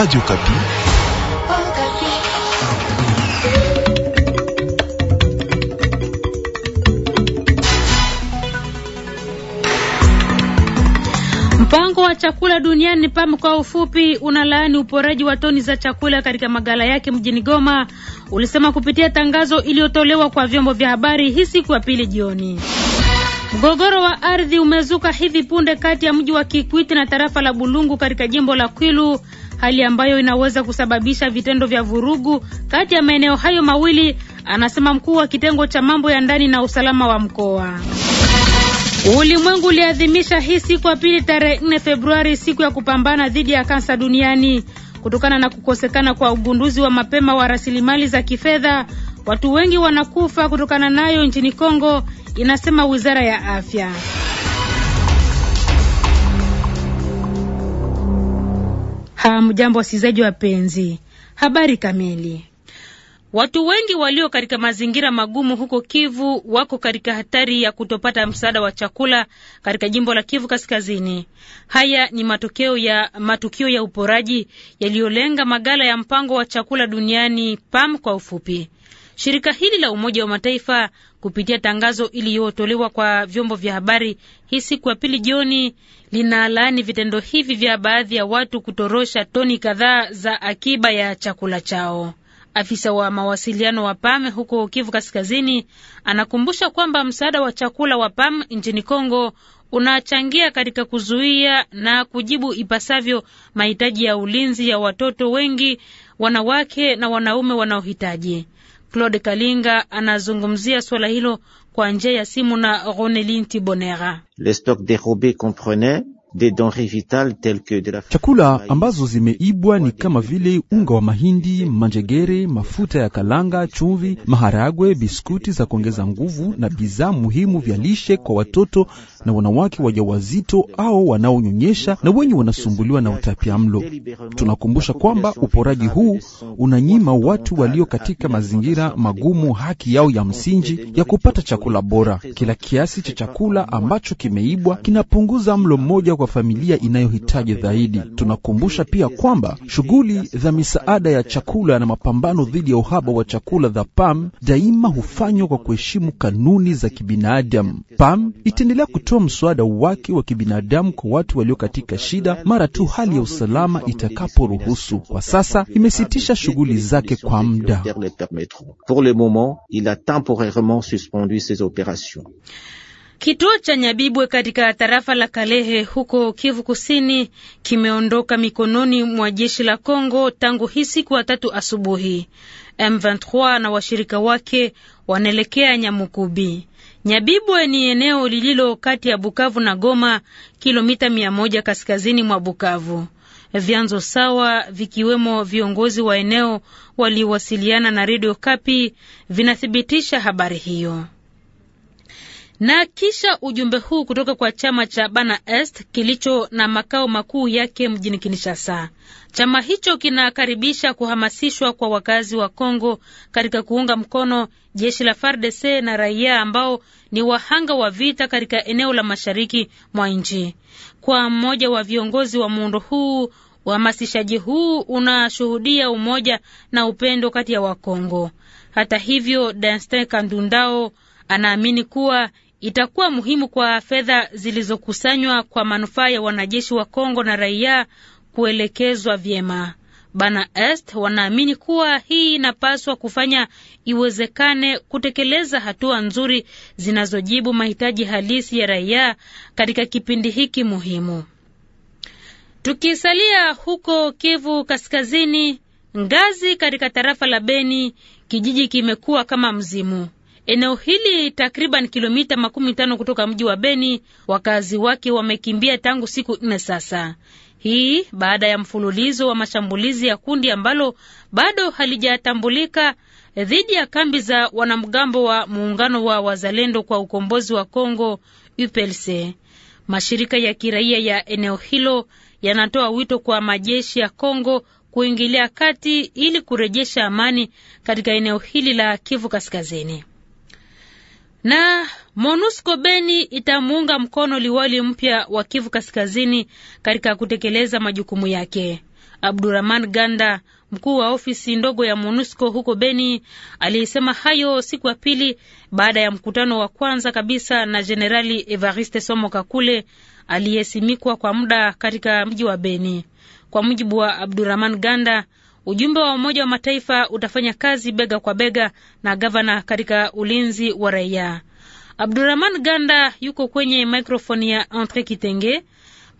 Radio Kapi. Mpango wa chakula duniani PAM kwa ufupi unalaani uporaji wa toni za chakula katika magala yake mjini Goma, ulisema kupitia tangazo iliyotolewa kwa vyombo vya habari hii siku ya pili jioni. Mgogoro wa ardhi umezuka hivi punde kati ya mji wa Kikwiti na tarafa la Bulungu katika jimbo la Kwilu hali ambayo inaweza kusababisha vitendo vya vurugu kati ya maeneo hayo mawili, anasema mkuu wa kitengo cha mambo ya ndani na usalama wa mkoa. Ulimwengu uliadhimisha hii siku ya pili tarehe 4 Februari siku ya kupambana dhidi ya kansa duniani. Kutokana na kukosekana kwa ugunduzi wa mapema wa rasilimali za kifedha, watu wengi wanakufa kutokana nayo nchini Kongo, inasema wizara ya afya. Hamjambo wasikilizaji wapenzi, habari kamili. Watu wengi walio katika mazingira magumu huko Kivu wako katika hatari ya kutopata msaada wa chakula katika jimbo la Kivu Kaskazini. Haya ni matokeo ya matukio ya uporaji yaliyolenga magala ya mpango wa chakula duniani PAM kwa ufupi. Shirika hili la Umoja wa Mataifa kupitia tangazo iliyotolewa kwa vyombo vya habari hii siku ya pili jioni linalaani vitendo hivi vya baadhi ya watu kutorosha toni kadhaa za akiba ya chakula chao. Afisa wa mawasiliano wa PAM huko Kivu Kaskazini anakumbusha kwamba msaada wa chakula wa PAM nchini Kongo unachangia katika kuzuia na kujibu ipasavyo mahitaji ya ulinzi ya watoto wengi, wanawake na wanaume wanaohitaji. Claude Kalinga anazungumzia suala hilo kwa njia ya simu na Ronelin Tibonera. Chakula ambazo zimeibwa ni kama vile unga wa mahindi, manjegere, mafuta ya kalanga, chumvi, maharagwe, biskuti za kuongeza nguvu na bidhaa muhimu vya lishe kwa watoto na wanawake wajawazito au wanaonyonyesha na wenye wanasumbuliwa na utapiamlo. Tunakumbusha kwamba uporaji huu unanyima watu walio katika mazingira magumu haki yao ya msingi ya kupata chakula bora. Kila kiasi cha chakula ambacho kimeibwa kinapunguza mlo mmoja kwa familia inayohitaji zaidi. Tunakumbusha pia kwamba shughuli za misaada ya chakula na mapambano dhidi ya uhaba wa chakula za PAM daima hufanywa kwa kuheshimu kanuni za kibinadamu. PAM itaendelea kutoa mswada wake wa kibinadamu kwa watu walio katika shida mara tu hali ya usalama itakaporuhusu. Kwa sasa imesitisha shughuli zake kwa muda. Kituo cha Nyabibwe katika tarafa la Kalehe huko Kivu Kusini kimeondoka mikononi mwa jeshi la Kongo tangu hii siku ya tatu asubuhi. M23 na washirika wake wanaelekea Nyamukubi. Nyabibwe ni eneo lililo kati ya Bukavu na Goma, kilomita mia moja kaskazini mwa Bukavu. Vyanzo sawa vikiwemo viongozi wa eneo waliowasiliana na redio Kapi vinathibitisha habari hiyo. Na kisha ujumbe huu kutoka kwa chama cha Bana Est kilicho na makao makuu yake mjini Kinshasa. Chama hicho kinakaribisha kuhamasishwa kwa wakazi wa Kongo katika kuunga mkono jeshi la FARDC na raia ambao ni wahanga wa vita katika eneo la mashariki mwa nchi. Kwa mmoja wa viongozi wa muundo huu, uhamasishaji huu unashuhudia umoja na upendo kati ya Wakongo. Hata hivyo, Danstin Kandundao anaamini kuwa itakuwa muhimu kwa fedha zilizokusanywa kwa manufaa ya wanajeshi wa Kongo na raia kuelekezwa vyema. Bana Est wanaamini kuwa hii inapaswa kufanya iwezekane kutekeleza hatua nzuri zinazojibu mahitaji halisi ya raia katika kipindi hiki muhimu. Tukisalia huko Kivu Kaskazini, Ngazi katika tarafa la Beni, kijiji kimekuwa kama mzimu. Eneo hili takriban kilomita makumi tano kutoka mji wa Beni, wakazi wake wamekimbia tangu siku nne sasa. Hii baada ya mfululizo wa mashambulizi ya kundi ambalo bado halijatambulika dhidi ya kambi za wanamgambo wa muungano wa wazalendo kwa ukombozi wa Kongo UPLC. Mashirika ya kiraia ya eneo hilo yanatoa wito kwa majeshi ya Kongo kuingilia kati ili kurejesha amani katika eneo hili la Kivu Kaskazini. Na MONUSCO Beni itamuunga mkono liwali mpya wa Kivu Kaskazini katika kutekeleza majukumu yake. Abdurahman Ganda, mkuu wa ofisi ndogo ya MONUSCO huko Beni, aliyesema hayo siku ya pili baada ya mkutano wa kwanza kabisa na Jenerali Evariste Somo Kakule aliyesimikwa kwa muda katika mji wa Beni. Kwa mujibu wa Abdurahman Ganda, Ujumbe wa Umoja wa Mataifa utafanya kazi bega kwa bega na gavana katika ulinzi wa raia. Abdurahman Ganda yuko kwenye maikrofoni ya Entre Kitenge.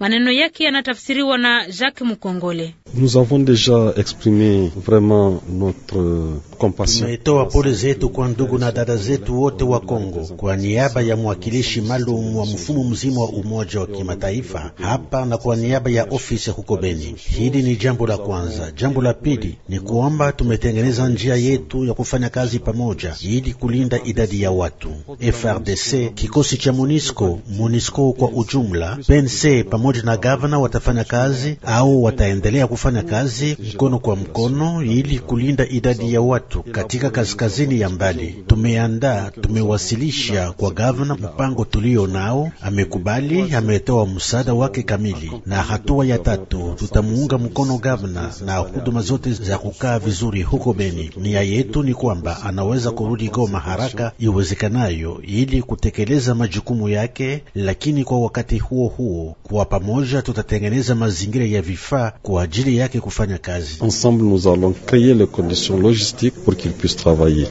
Maneno yake yanatafsiriwa na Jacques Mukongole. Nous avons déjà exprimé vraiment notre compassion. Tumetoa pole zetu kwa ndugu na dada zetu wote wa Kongo kwa niaba ya mwakilishi maalum wa mfumo mzima wa Umoja wa Kimataifa hapa na kwa niaba ya ofisi huko Beni. Hili ni jambo la kwanza. Jambo la pili ni kwamba tumetengeneza njia yetu ya kufanya kazi pamoja ili kulinda idadi ya watu. FRDC, kikosi cha MONUSCO, MONUSCO kwa ujumla, PNC pamoja na gavana watafanya kazi au wataendelea kufanya kazi mkono kwa mkono ili kulinda idadi ya watu katika kaskazini ya mbali. Tumeandaa, tumewasilisha kwa gavana mpango tulio nao, amekubali, ametoa msaada wake kamili. Na hatua ya tatu, tutamuunga mkono gavana na huduma zote za kukaa vizuri huko Beni. Nia yetu ni kwamba anaweza kurudi Goma haraka iwezekanayo ili kutekeleza majukumu yake, lakini kwa wakati huo huo, kwa pamoja tutatengeneza mazingira ya vifaa kwa ajili ari yake kufanya kazi. Ensemble nous allons créer les conditions logistiques pour qu'il puisse travailler.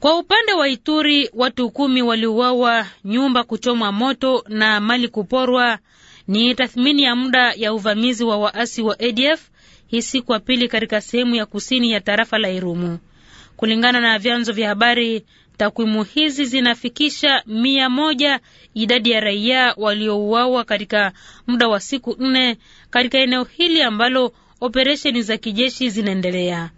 Kwa upande wa Ituri, watu kumi waliuawa, nyumba kuchomwa moto na mali kuporwa. Ni tathmini ya muda ya uvamizi wa waasi wa ADF hii siku ya pili katika sehemu ya kusini ya tarafa la Irumu. Kulingana na vyanzo vya habari, takwimu hizi zinafikisha mia moja idadi ya raia waliouawa katika muda wa siku nne katika eneo hili ambalo operesheni za kijeshi zinaendelea.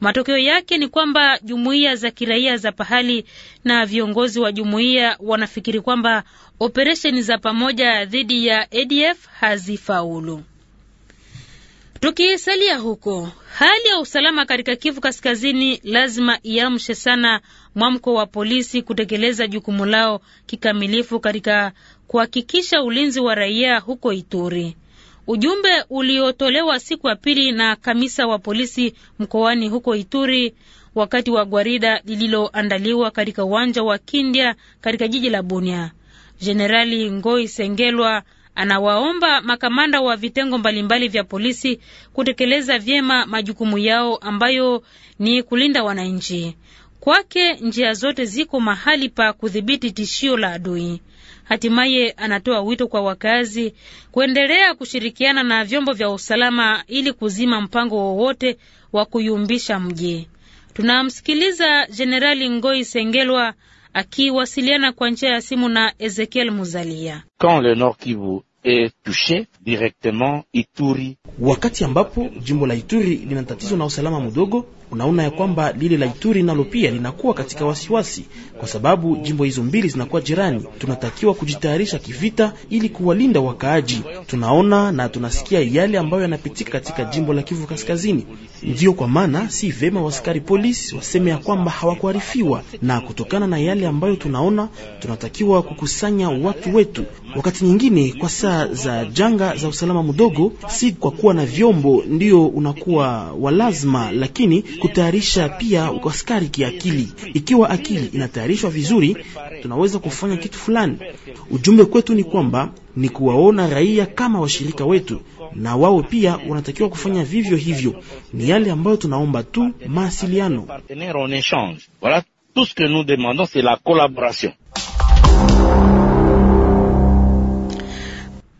Matokeo yake ni kwamba jumuiya za kiraia za pahali na viongozi wa jumuiya wanafikiri kwamba operesheni za pamoja dhidi ya ADF hazifaulu. Tukisalia huko, hali ya usalama katika Kivu Kaskazini lazima iamshe sana mwamko wa polisi kutekeleza jukumu lao kikamilifu katika kuhakikisha ulinzi wa raia huko Ituri. Ujumbe uliotolewa siku ya pili na kamisa wa polisi mkoani huko Ituri wakati wa gwarida lililoandaliwa katika uwanja wa Kindya katika jiji la Bunia. Jenerali Ngoi Sengelwa anawaomba makamanda wa vitengo mbalimbali vya polisi kutekeleza vyema majukumu yao ambayo ni kulinda wananchi. Kwake njia zote ziko mahali pa kudhibiti tishio la adui. Hatimaye anatoa wito kwa wakazi kuendelea kushirikiana na vyombo vya usalama ili kuzima mpango wowote wa kuyumbisha mji. Tunamsikiliza Jenerali Ngoi Sengelwa akiwasiliana kwa njia ya simu na Ezekiel Muzalia. Quand le Nord Kivu est directement Ituri, wakati ambapo jimbo la Ituri lina tatizo na usalama mdogo unaona ya kwamba lile la Ituri nalo pia linakuwa katika wasiwasi, kwa sababu jimbo hizo mbili zinakuwa jirani. Tunatakiwa kujitayarisha kivita ili kuwalinda wakaaji. Tunaona na tunasikia yale ambayo yanapitika katika jimbo la Kivu Kaskazini. Ndiyo kwa maana si vema waskari polisi waseme ya kwamba hawakuarifiwa, na kutokana na yale ambayo tunaona, tunatakiwa kukusanya watu wetu. Wakati nyingine kwa saa za janga za usalama mdogo, si kwa kuwa na vyombo ndiyo unakuwa wa lazima, lakini kutayarisha pia askari kiakili. Ikiwa akili inatayarishwa vizuri, tunaweza kufanya kitu fulani. Ujumbe kwetu ni kwamba ni kuwaona raia kama washirika wetu, na wao pia wanatakiwa kufanya vivyo hivyo. Ni yale ambayo tunaomba tu, maasiliano.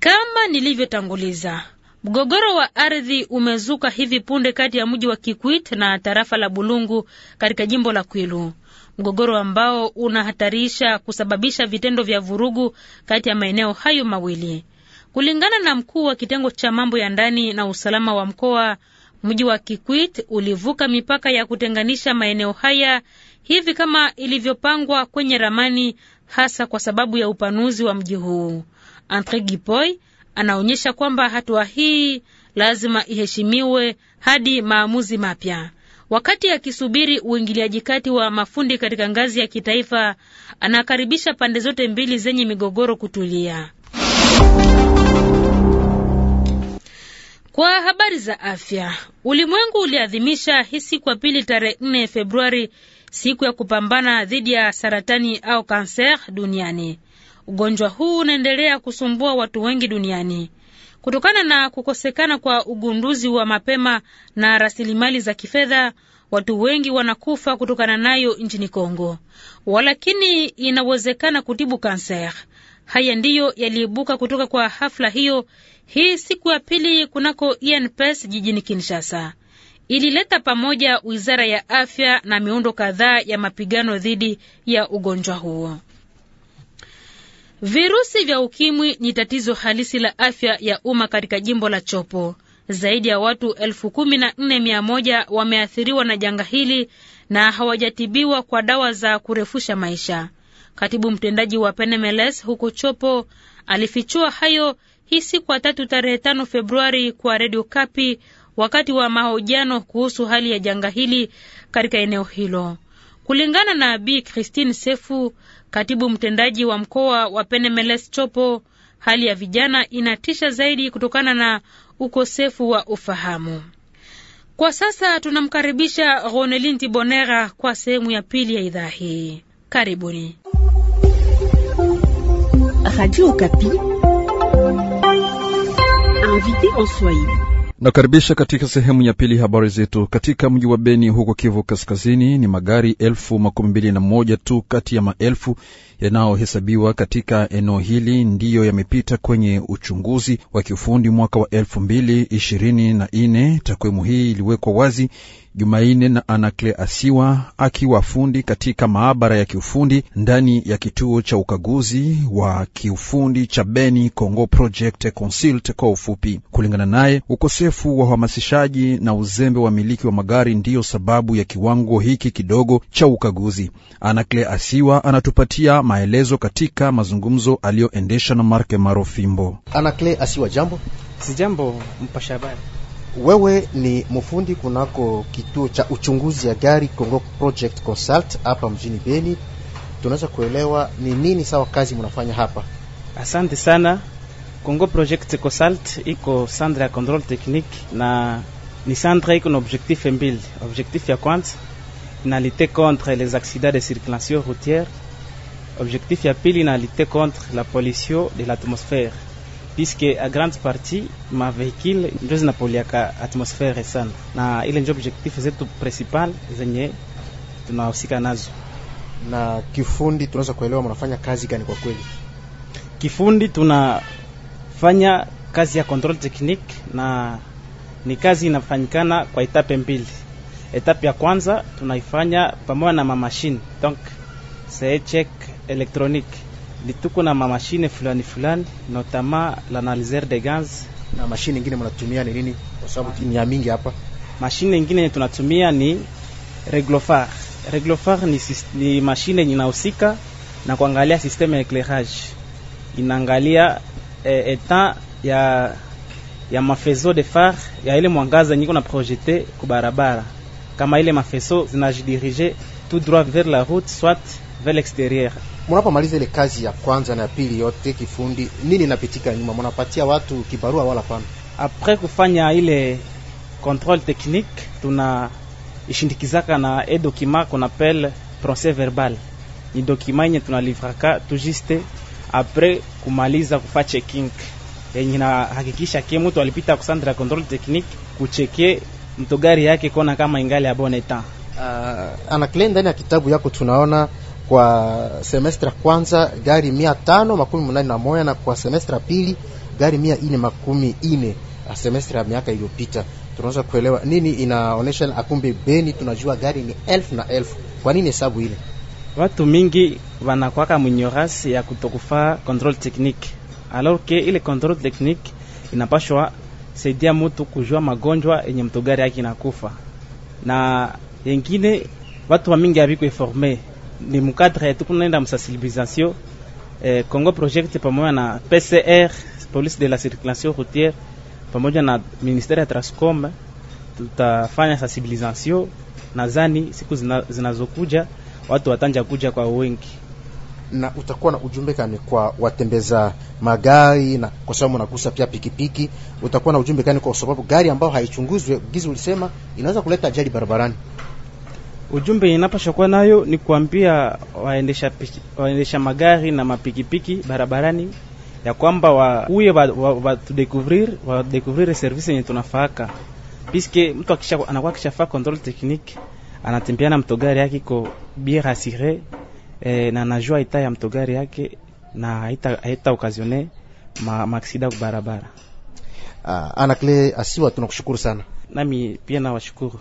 Kama nilivyotanguliza Mgogoro wa ardhi umezuka hivi punde kati ya mji wa Kikwit na tarafa la Bulungu katika jimbo la Kwilu, mgogoro ambao unahatarisha kusababisha vitendo vya vurugu kati ya maeneo hayo mawili. Kulingana na mkuu wa kitengo cha mambo ya ndani na usalama wa mkoa, mji wa Kikwit ulivuka mipaka ya kutenganisha maeneo haya hivi kama ilivyopangwa kwenye ramani, hasa kwa sababu ya upanuzi wa mji huu. Andre Gipoy anaonyesha kwamba hatua hii lazima iheshimiwe hadi maamuzi mapya. Wakati akisubiri uingiliaji kati wa mafundi katika ngazi ya kitaifa, anakaribisha pande zote mbili zenye migogoro kutulia. Kwa habari za afya, ulimwengu uliadhimisha hii siku ya pili tarehe 4 Februari siku ya kupambana dhidi ya saratani au kanser duniani. Ugonjwa huu unaendelea kusumbua watu wengi duniani kutokana na kukosekana kwa ugunduzi wa mapema na rasilimali za kifedha. Watu wengi wanakufa kutokana nayo nchini Kongo, walakini inawezekana kutibu kanser. Haya ndiyo yaliibuka kutoka kwa hafla hiyo hii siku ya pili kunako INPS jijini Kinshasa. Ilileta pamoja wizara ya afya na miundo kadhaa ya mapigano dhidi ya ugonjwa huo. Virusi vya ukimwi ni tatizo halisi la afya ya umma katika jimbo la Chopo. Zaidi ya watu elfu kumi na nne mia moja wameathiriwa na janga hili na hawajatibiwa kwa dawa za kurefusha maisha. Katibu mtendaji wa Penemeles huko Chopo alifichua hayo hii siku ya tatu tarehe tano Februari kwa redio Kapi wakati wa mahojiano kuhusu hali ya janga hili katika eneo hilo. Kulingana na Bi Christine Sefu, Katibu mtendaji wa mkoa wa Penemeles Chopo, hali ya vijana inatisha zaidi kutokana na ukosefu wa ufahamu. Kwa sasa tunamkaribisha Ronelin Tibonera kwa sehemu ya pili ya idhaa hii. Karibuni Radio Kapi. Nakaribisha katika sehemu ya pili habari zetu. Katika mji wa Beni huko Kivu Kaskazini, ni magari elfu makumi mbili na moja tu kati ya maelfu yanayohesabiwa katika eneo hili ndiyo yamepita kwenye uchunguzi wa kiufundi mwaka wa elfu mbili ishirini na nne. Takwimu hii iliwekwa wazi Jumaine na asiwa akiwa fundi katika maabara ya kiufundi ndani ya kituo cha ukaguzi wa kiufundi cha Beni Congo Project Consult kwa ufupi. Kulingana naye, ukosefu wa uhamasishaji na uzembe wa miliki wa magari ndiyo sababu ya kiwango hiki kidogo cha ukaguzi. asiwa anatupatia maelezo katika mazungumzo aliyoendesha na Marke Marofimbo. Asiwa, jambo. Sijambo mpashabari wewe ni mfundi kunako kituo cha uchunguzi ya gari Congo Project Consult hapa mjini Beni. Tunaweza kuelewa ni nini sawa kazi mnafanya hapa? Asante sana. Congo Project Consult iko centre ya control technique na ni centre iko na objectif mbili. Objectif ya kwanza na lutter contre les accidents de circulation routière. Objectif ya pili na lutter contre la pollution de l'atmosphère puisque a grande partie ma vehicle ndio zinapoliaka atmosfere sana, na ile ndio objectif zetu principal zenye tunahusika nazo. Na kifundi, tunaweza kuelewa mnafanya kazi gani? Kwa kweli, kifundi tunafanya kazi ya control technique, na ni kazi inafanyikana kwa etape mbili. Etape ya kwanza tunaifanya pamoja na mamashine, donc c'est check electronique lituko na mamashine fulani fulani, notama l'analyseur de gaz. Na mashine nyingine mnatumia ni nini? Kwa sababu ni ya mingi hapa. Mashine nyingine tunatumia ni reglofar. Reglofar ni, ni mashine inahusika na kuangalia systeme ya eclairage, inaangalia eh, etat ya ya mafezo de phare ya ile mwangaza nyiko na projete ku barabara, kama ile mafezo zinajidirige tout droit vers la route soit vers l'extérieur mnapomaliza ile kazi ya kwanza na pili yote kifundi, nini inapitika nyuma? Mnapatia watu kibarua wala pana? Apres kufanya ile control technique, tuna ishindikizaka na e document qu'on appelle procès verbal, ni document yenye tunalivraka tu juste apres kumaliza kufa checking yenye nahakikisha ke mtu alipita kusandra ya control technique kucheke mtogari yake kona kama ingali ya bon etat. Uh, ah, claim ndani ya kitabu yako tunaona kwa semestre ya kwanza gari mia tano makumi munane na moja na kwa semestre ya pili gari mia ine makumi ine ah, semestre ya miaka iliyopita. Tunaweza kuelewa nini inaonesha akumbe Beni tunajua gari ni elfu na elfu. Kwa nini hesabu ile? Watu mingi wanakwaka mnyorasi ya kutokufaa control technique, alors que ile control technique inapashwa saidia mtu kujua magonjwa yenye mtu gari yake inakufa, na yengine watu wa mingi haviko informe ni mukadre tukunaenda msensibilisation eh, Congo Project pamoja na PCR police de la circulation routière pamoja na ministère ya Transcom tutafanya sensibilisation. Nadhani siku zinazokuja zina watu watanja kuja kwa wengi na utakuwa na ujumbe kani kwa watembeza magari na kwa sababu nakusa pia pikipiki, utakuwa na ujumbe kani kwa sababu gari ambayo haichunguzwe gizi ulisema inaweza kuleta ajali barabarani. Ujumbe inapasha inapashakuwa nayo ni kuambia waendesha, piki, waendesha magari na mapikipiki barabarani ya kwamba wauye watudekuvrir wa, wa wadekovrire service yenye tunafaaka piske mtu akisha, anakuwa kishafaa control technique anatembea na gari yake iko bien rasire eh, na najua ita ya gari yake na haita okazione ma, maaksida ku barabara. Ah, Anakle Asiwa, tunakushukuru sana. Nami pia nawashukuru.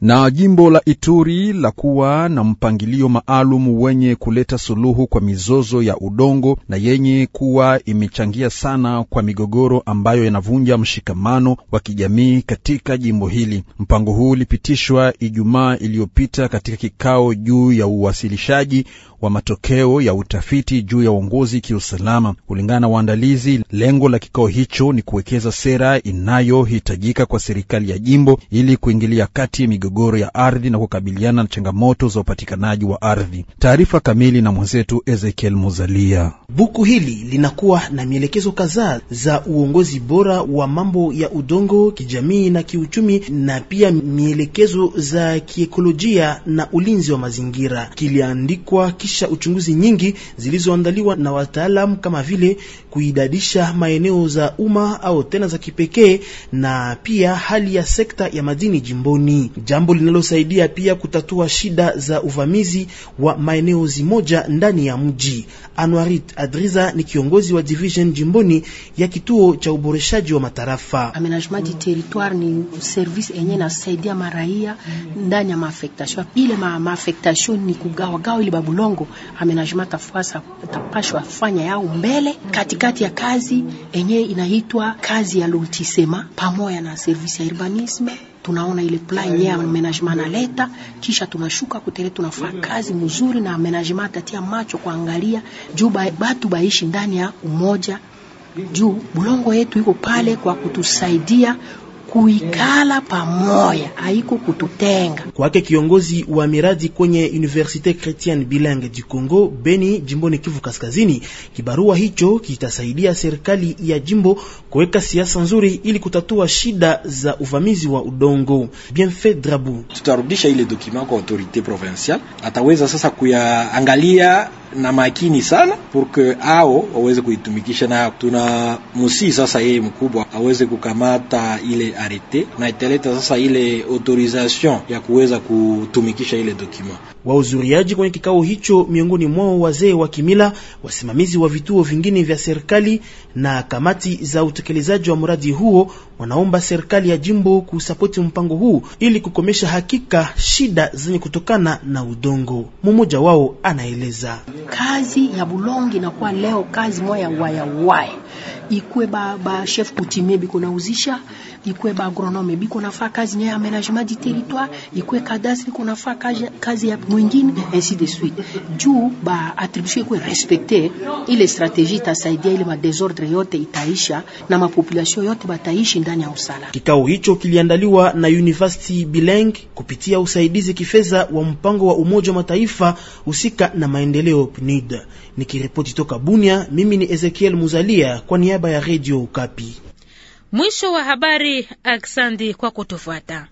na jimbo la Ituri la kuwa na mpangilio maalum wenye kuleta suluhu kwa mizozo ya udongo na yenye kuwa imechangia sana kwa migogoro ambayo yanavunja mshikamano wa kijamii katika jimbo hili. Mpango huu ulipitishwa Ijumaa iliyopita katika kikao juu ya uwasilishaji wa matokeo ya utafiti juu ya uongozi kiusalama. Kulingana na waandalizi, lengo la kikao hicho ni kuwekeza sera inayohitajika kwa serikali ya jimbo ili kuingilia kati migogoro migogoro ya ardhi na kukabiliana na changamoto za upatikanaji wa ardhi. Taarifa kamili na mwenzetu Ezekiel Muzalia. Buku hili linakuwa na mielekezo kadhaa za uongozi bora wa mambo ya udongo, kijamii na kiuchumi, na pia mielekezo za kiekolojia na ulinzi wa mazingira. Kiliandikwa kisha uchunguzi nyingi zilizoandaliwa na wataalamu kama vile kuidadisha maeneo za umma au tena za kipekee, na pia hali ya sekta ya madini jimboni, jambo linalosaidia pia kutatua shida za uvamizi wa maeneo zimoja ndani ya mji. Anwarit Adriza ni kiongozi wa division jimboni ya kituo cha uboreshaji wa matarafa. Amenajementi territoire ni service enye nasaidia maraia ndani ya maafektasyon ile ma, maafektasyon ni kugawa gawa ili babulongo amenajementi tafuasa tapashwa fanya yao mbele katika katikati ya kazi enyewe inaitwa kazi ya lotisema pamoja na servisi ya urbanisme tunaona ile plan ya management analeta, kisha tunashuka kutere, tunafanya kazi mzuri na management atatia macho kuangalia juu batu baishi ndani ya umoja, juu bulongo yetu iko pale kwa kutusaidia kuikala pamoja, haiko kututenga. Kwake kiongozi wa miradi kwenye Universite Chretien Bilingue du Congo Beni, jimboni Kivu Kaskazini, kibarua hicho kitasaidia serikali ya jimbo kuweka siasa nzuri ili kutatua shida za uvamizi wa udongo. Bienfait Drabu: tutarudisha ile document kwa autorite provinciale, ataweza sasa kuyaangalia na makini sana porque ao waweze kuitumikisha Na Tuna musii sasa, yeye mkubwa aweze kukamata ile arete na italeta sasa ile autorisation ya kuweza kutumikisha ile document. Wauzuriaji kwenye kikao hicho, miongoni mwao wazee wa kimila, wasimamizi wa vituo vingine vya serikali na kamati za utekelezaji wa mradi huo wanaomba serikali ya jimbo kusapoti mpango huu ili kukomesha hakika shida zenye kutokana na udongo. Mmoja wao anaeleza kazi ya bulongi inakuwa leo kazi moya wayawaya ikwe ba, ba chef kutimie biko nauzisha ikwe ba agronome biko nafaa kazi ya aménagement du territoire, ikwe cadastre iko nafaa kazi, kazi ya mwingine ainsi de suite, juu ba attribution ikwe respecte. Ile strategie itasaidia ile madesordre yote itaisha na mapopulation yote bataishi ndani ya usala. Kikao hicho kiliandaliwa na University Bileng kupitia usaidizi kifedha wa mpango wa Umoja wa Mataifa husika na maendeleo PNUD. Nikiripoti toka Bunia, mimi ni Ezekiel Muzalia kwa niaba ya Radio Okapi. Mwisho wa habari. Aksandi kwa kutufuata.